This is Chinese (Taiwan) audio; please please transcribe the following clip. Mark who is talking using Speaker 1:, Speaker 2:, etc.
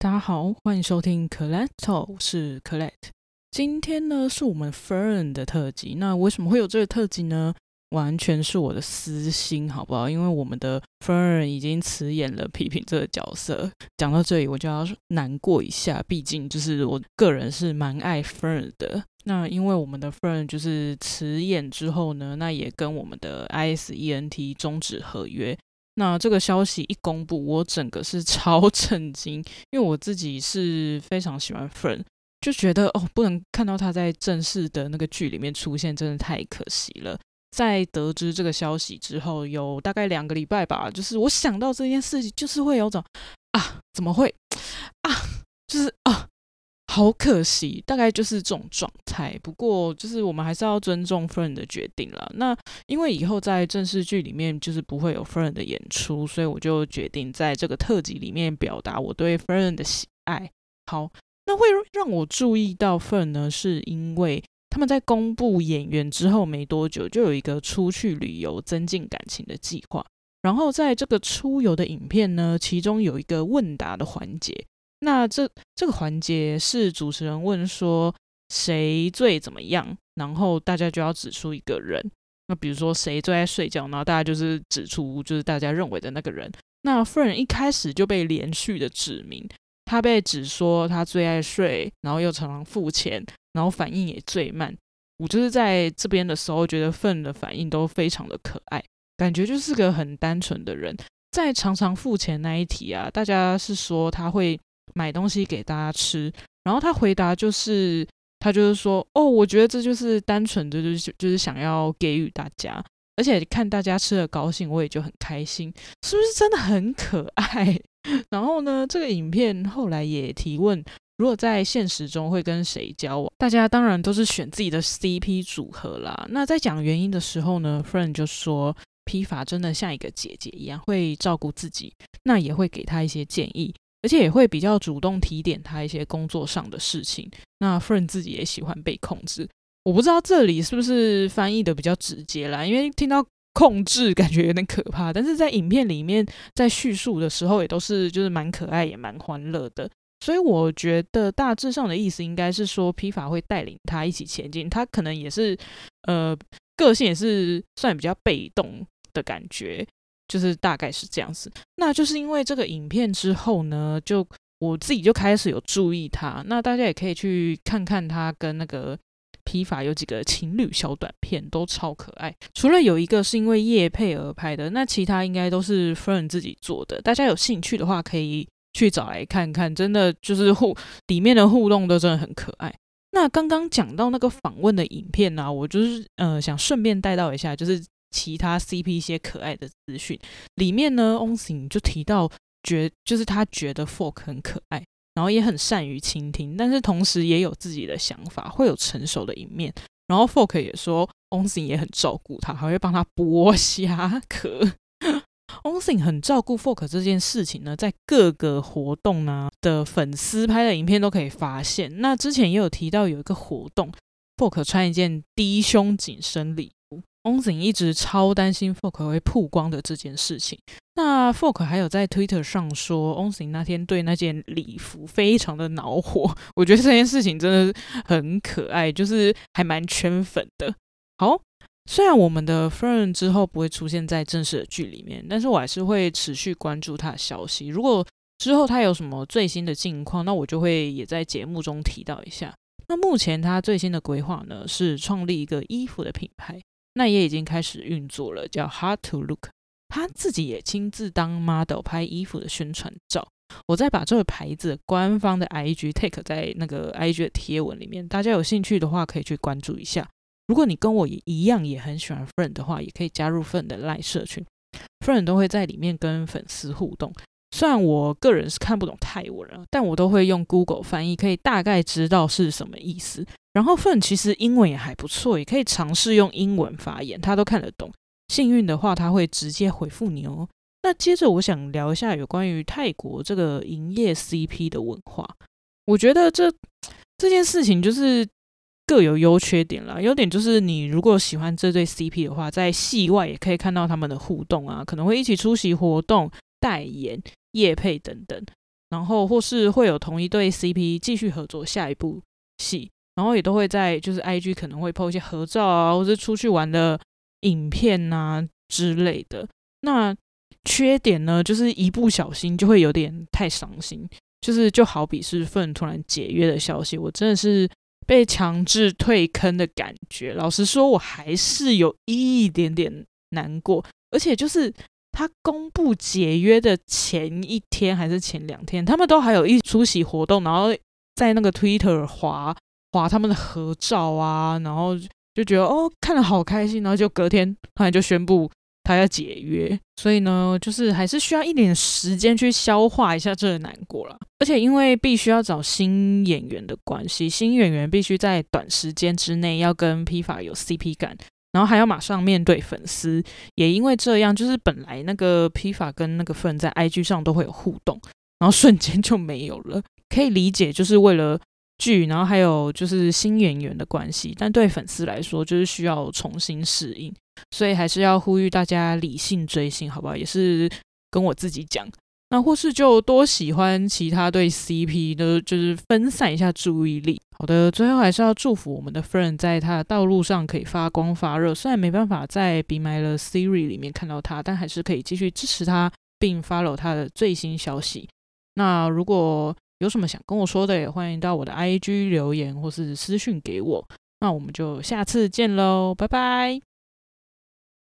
Speaker 1: 大家好，歡迎收聽 Collecto，我是 Colette。今天呢是我們 Fern 的特輯。那為什麼會有這個特輯呢？完全是我的私心，好不好？因為我們的 Fern 已經辭演了 Pipim 這個角色。講到這裡，我就要難過一下，畢竟就是我個人是蠻愛 Fern 的。那因為我們的 Fern 就是辭演之後呢，那也跟我們的 IS ent 終止合約。那這個消息一公布，我整個是超震驚，因為我自己是非常喜歡 Fern，就覺得哦，不能看到他在正式的那個劇裡面出現，真的太可惜了。在得知這個消息之後，有大概兩個禮拜吧，就是我想到這件事情，就是會有種啊，怎麼會啊，就是啊。好可惜，大概就是這種狀態。不過，就是我們還是要尊重 Fern 的決定了。那因為以後在正式劇裡面就是不會有 Fern 的演出，所以我就決定在這個特輯裡面表達我對 Fern 的喜愛。好，那會讓我注意到 Fern 呢，是因為他們在公布演員之後沒多久，就有一個出去旅遊增進感情的計劃。然後在這個出遊的影片呢，其中有一個問答的環節。那這這個環節是主持人問說誰最怎麼樣，然後大家就要指出一個人。那比如說誰最愛睡覺，然後大家就是指出就是大家認為的那個人。那 Fern 一開始就被連續的指名，他被指說他最愛睡，然後又常常付錢，然後反應也最慢。我就是在這邊的時候覺得 Fern 的反應都非常的可愛，感覺就是個很單純的人。在常常付錢那一題啊，大家是說他會。買東西給大家吃，然後他回答就是，他就是說，哦，我覺得這就是單純的，就是就是想要給予大家，而且看大家吃得高興，我也就很開心，是不是真的很可愛？然後呢，這個影片後來也提問，如果在現實中會跟誰交往？大家當然都是選自己的 CP 組合啦。那在講原因的時候呢，Fern 就說，批發真的像一個姐姐一樣，會照顧自己，那也會給他一些建議。而且也會比較主動提點他一些工作上的事情。那 Fern 自己也喜歡被控制，我不知道這裡是不是翻譯的比較直接啦，因為聽到控制感覺有點可怕。但是在影片裡面在敘述的時候也都是就是蠻可愛也蠻歡樂的，所以我覺得大致上的意思應該是說，Pifa 會帶領他一起前進，他可能也是呃個性也是算比較被動的感覺。就是大概是這樣子，那就是因為這個影片之後呢，就我自己就開始有注意他。那大家也可以去看看他跟那個皮法有幾個情侶小短片，都超可愛。除了有一個是因為業配而拍的，那其他應該都是 Fern 自己做的。大家有興趣的話，可以去找來看看，真的就是互裡面的互動都真的很可愛。那剛剛講到那個訪問的影片呢、啊，我就是呃想順便帶到一下，就是。其他 CP 一些可愛的資訊，裡面呢，Onsinn 就提到覺，覺就是他覺得 Fork 很可愛，然後也很善於傾聽，但是同時也有自己的想法，會有成熟的一面。然後 Fork 也說，Onsinn 也很照顧他，還會幫他剝蝦殼。 Onsinn 很照顧 Fork 這件事情呢，在各個活動呢的粉絲拍的影片都可以發現。那之前也有提到，有一個活動，Fork 穿一件低胸緊身禮。Onzy 一直超擔心 Folk 會曝光的這件事情。那 Folk 還有在 Twitter 上說 Onzy 那天對那件禮服非常的惱火。 我覺得這件事情真的很可愛，就是還蠻圈粉的。好，雖然我們的 Fern 之後不會出現在正式的劇裡面，但是我還是會持續關注他的消息。如果之後他有什麼最新的近況，那我就會也在節目中提到一下。那目前他最新的規劃呢，是創立一個衣服的品牌。那也已經開始運作了，叫 Hard to Look，他自己也親自當 model 拍衣服的宣傳照。我再把這個牌子官方的 IG take 在那個 IG 的貼文裡面，大家有興趣的話可以去關注一下。如果你跟我一樣也很喜歡 Fern 的話，也可以加入 Fern 的 line 社群，Fern 都會在裡面跟粉絲互動。雖然我個人是看不懂泰文啊，但我都會用 Google 翻譯，可以大概知道是什麼意思。然後，Fern 其實英文也還不錯，也可以嘗試用英文發言，他都看得懂。幸運的話，他會直接回復你哦。那接着，我想聊一下有關於泰國這個營業 CP 的文化。我覺得這這件事情就是各有優缺點啦。優點就是，你如果喜歡這對 CP 的話，在戲外也可以看到他們的互動啊，可能會一起出席活動、代言、業配等等，然後或是會有同一對 CP 繼續合作下一部戲。然後也都會在，就是 IG 可能會 po 一些合照啊，或者出去玩的影片啊之類的。那缺點呢，就是一不小心就會有點太傷心。就是就好比是 Fern 突然解約的消息，我真的是被強制退坑的感覺。老實說，我還是有一點點難過。而且就是他公布解約的前一天還是前兩天，他們都還有一出席活動，然後在那個 Twitter 滑。滑他們的合照啊，然後就覺得哦，看得好開心，然後就隔天突然就宣布他要解約，所以呢，就是還是需要一點時間去消化一下這個難過了。而且因為必須要找新演員的關係，新演員必須在短時間之內要跟披髮有 CP 感，然後還要馬上面對粉絲。也因為這樣，就是本來那個披髮跟那個 Fern 在 IG 上都會有互動，然後瞬間就沒有了，可以理解，就是為了。劇，然後還有就是新演員的關係，但對粉絲來說就是需要重新適應，所以還是要呼籲大家理性追星，好不好？也是跟我自己講，那或是就多喜歡其他對 CP 的，就是分散一下注意力。好的，最後還是要祝福我們的 Fern 在他的道路上可以發光發熱。雖然沒辦法在《Be Mine The Series》裡面看到他，但還是可以繼續支持他，並 follow 他的最新消息。那如果……有什麼想跟我說的，也歡迎到我的 IG 留言或是私訊給我。那我們就下次見嘍，拜拜。